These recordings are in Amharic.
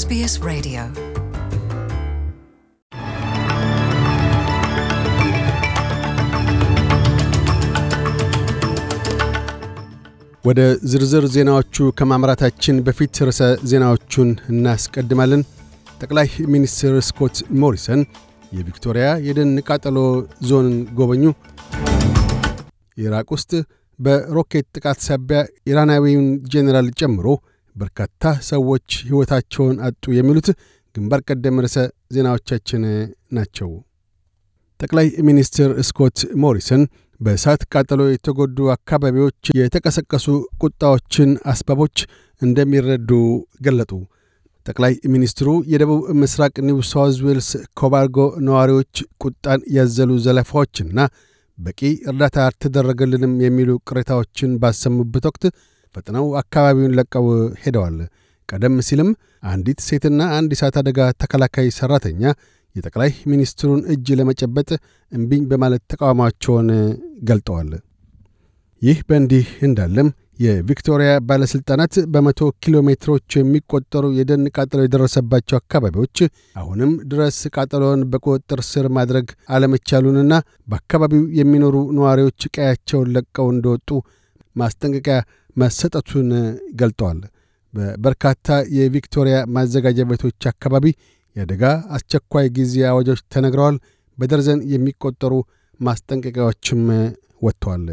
SBS Radio. ወደ ዝርዝር ዜናዎቹ ከማምራታችን በፊት ርዕሰ ዜናዎቹን እናስቀድማለን። ጠቅላይ ሚኒስትር ስኮት ሞሪሰን የቪክቶሪያ የደን ቃጠሎ ዞንን ጎበኙ። ኢራቅ ውስጥ በሮኬት ጥቃት ሳቢያ ኢራናዊውን ጄኔራል ጨምሮ በርካታ ሰዎች ሕይወታቸውን አጡ የሚሉት ግንባር ቀደም ርዕሰ ዜናዎቻችን ናቸው። ጠቅላይ ሚኒስትር ስኮት ሞሪሰን በእሳት ቃጠሎ የተጎዱ አካባቢዎች የተቀሰቀሱ ቁጣዎችን አስባቦች እንደሚረዱ ገለጡ። ጠቅላይ ሚኒስትሩ የደቡብ ምስራቅ ኒው ሳውዝ ዌልስ ኮባርጎ ነዋሪዎች ቁጣን ያዘሉ ዘለፋዎችና በቂ እርዳታ አልተደረገልንም የሚሉ ቅሬታዎችን ባሰሙበት ወቅት ፈጥነው አካባቢውን ለቀው ሄደዋል። ቀደም ሲልም አንዲት ሴትና አንድ እሳት አደጋ ተከላካይ ሠራተኛ የጠቅላይ ሚኒስትሩን እጅ ለመጨበጥ እምቢኝ በማለት ተቃውሟቸውን ገልጠዋል። ይህ በእንዲህ እንዳለም የቪክቶሪያ ባለሥልጣናት በመቶ ኪሎ ሜትሮች የሚቆጠሩ የደን ቃጠሎ የደረሰባቸው አካባቢዎች አሁንም ድረስ ቃጠሎውን በቁጥጥር ስር ማድረግ አለመቻሉንና በአካባቢው የሚኖሩ ነዋሪዎች ቀያቸውን ለቀው እንደወጡ ማስጠንቀቂያ መሰጠቱን ገልጠዋል። በበርካታ የቪክቶሪያ ማዘጋጃ ቤቶች አካባቢ የአደጋ አስቸኳይ ጊዜ አዋጆች ተነግረዋል። በደርዘን የሚቆጠሩ ማስጠንቀቂያዎችም ወጥተዋል።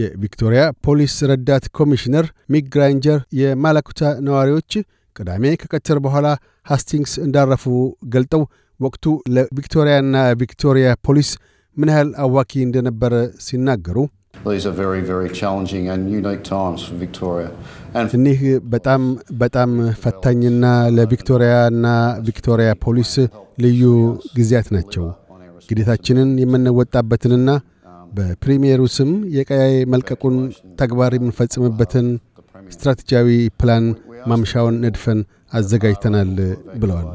የቪክቶሪያ ፖሊስ ረዳት ኮሚሽነር ሚክ ግራንጀር የማላኩታ ነዋሪዎች ቅዳሜ ከቀትር በኋላ ሃስቲንግስ እንዳረፉ ገልጠው ወቅቱ ለቪክቶሪያና ቪክቶሪያ ፖሊስ ምን ያህል አዋኪ እንደነበር ሲናገሩ እኒህ በጣም በጣም ፈታኝና ለቪክቶሪያና ቪክቶሪያ ፖሊስ ልዩ ጊዜያት ናቸው። ግዴታችንን የምንወጣበትንና በፕሪሚየሩ ስም የቀያይ መልቀቁን ተግባር የምንፈጽምበትን ስትራቴጂያዊ ፕላን ማምሻውን ነድፈን አዘጋጅተናል ብለዋል።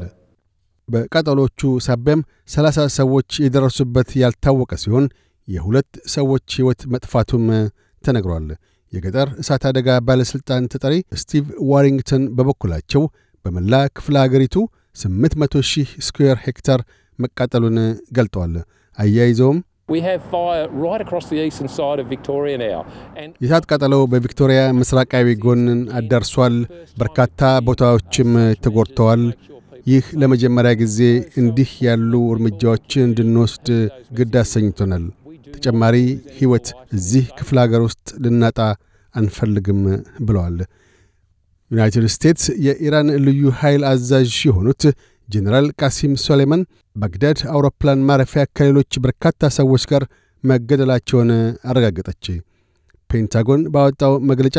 በቃጠሎቹ ሳቢያም ሰላሳ ሰዎች የደረሱበት ያልታወቀ ሲሆን የሁለት ሰዎች ሕይወት መጥፋቱም ተነግሯል። የገጠር እሳት አደጋ ባለሥልጣን ተጠሪ ስቲቭ ዋሪንግተን በበኩላቸው በመላ ክፍለ አገሪቱ 800 ሺህ ስኩዌር ሄክታር መቃጠሉን ገልጠዋል። አያይዘውም የእሳት ቃጠለው በቪክቶሪያ ምስራቃዊ ጎንን አዳርሷል፣ በርካታ ቦታዎችም ተጎድተዋል። ይህ ለመጀመሪያ ጊዜ እንዲህ ያሉ እርምጃዎችን እንድንወስድ ግድ አሰኝቶናል። ተጨማሪ ሕይወት እዚህ ክፍለ ሀገር ውስጥ ልናጣ አንፈልግም ብለዋል። ዩናይትድ ስቴትስ የኢራን ልዩ ኃይል አዛዥ የሆኑት ጄኔራል ቃሲም ሱሌይማን ባግዳድ አውሮፕላን ማረፊያ ከሌሎች በርካታ ሰዎች ጋር መገደላቸውን አረጋገጠች። ፔንታጎን ባወጣው መግለጫ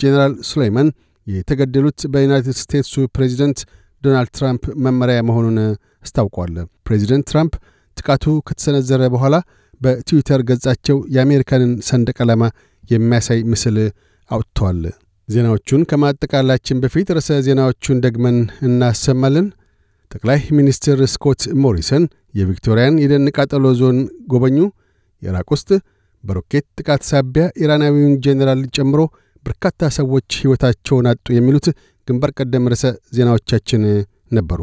ጄኔራል ሱሌይማን የተገደሉት በዩናይትድ ስቴትሱ ፕሬዚደንት ዶናልድ ትራምፕ መመሪያ መሆኑን አስታውቋል። ፕሬዚደንት ትራምፕ ጥቃቱ ከተሰነዘረ በኋላ በትዊተር ገጻቸው የአሜሪካንን ሰንደቅ ዓላማ የሚያሳይ ምስል አውጥተዋል። ዜናዎቹን ከማጠቃላችን በፊት ርዕሰ ዜናዎቹን ደግመን እናሰማለን። ጠቅላይ ሚኒስትር ስኮት ሞሪሰን የቪክቶሪያን የደን ቃጠሎ ዞን ጎበኙ። ኢራቅ ውስጥ በሮኬት ጥቃት ሳቢያ ኢራናዊውን ጄኔራል ጨምሮ በርካታ ሰዎች ሕይወታቸውን አጡ። የሚሉት ግንባር ቀደም ርዕሰ ዜናዎቻችን ነበሩ።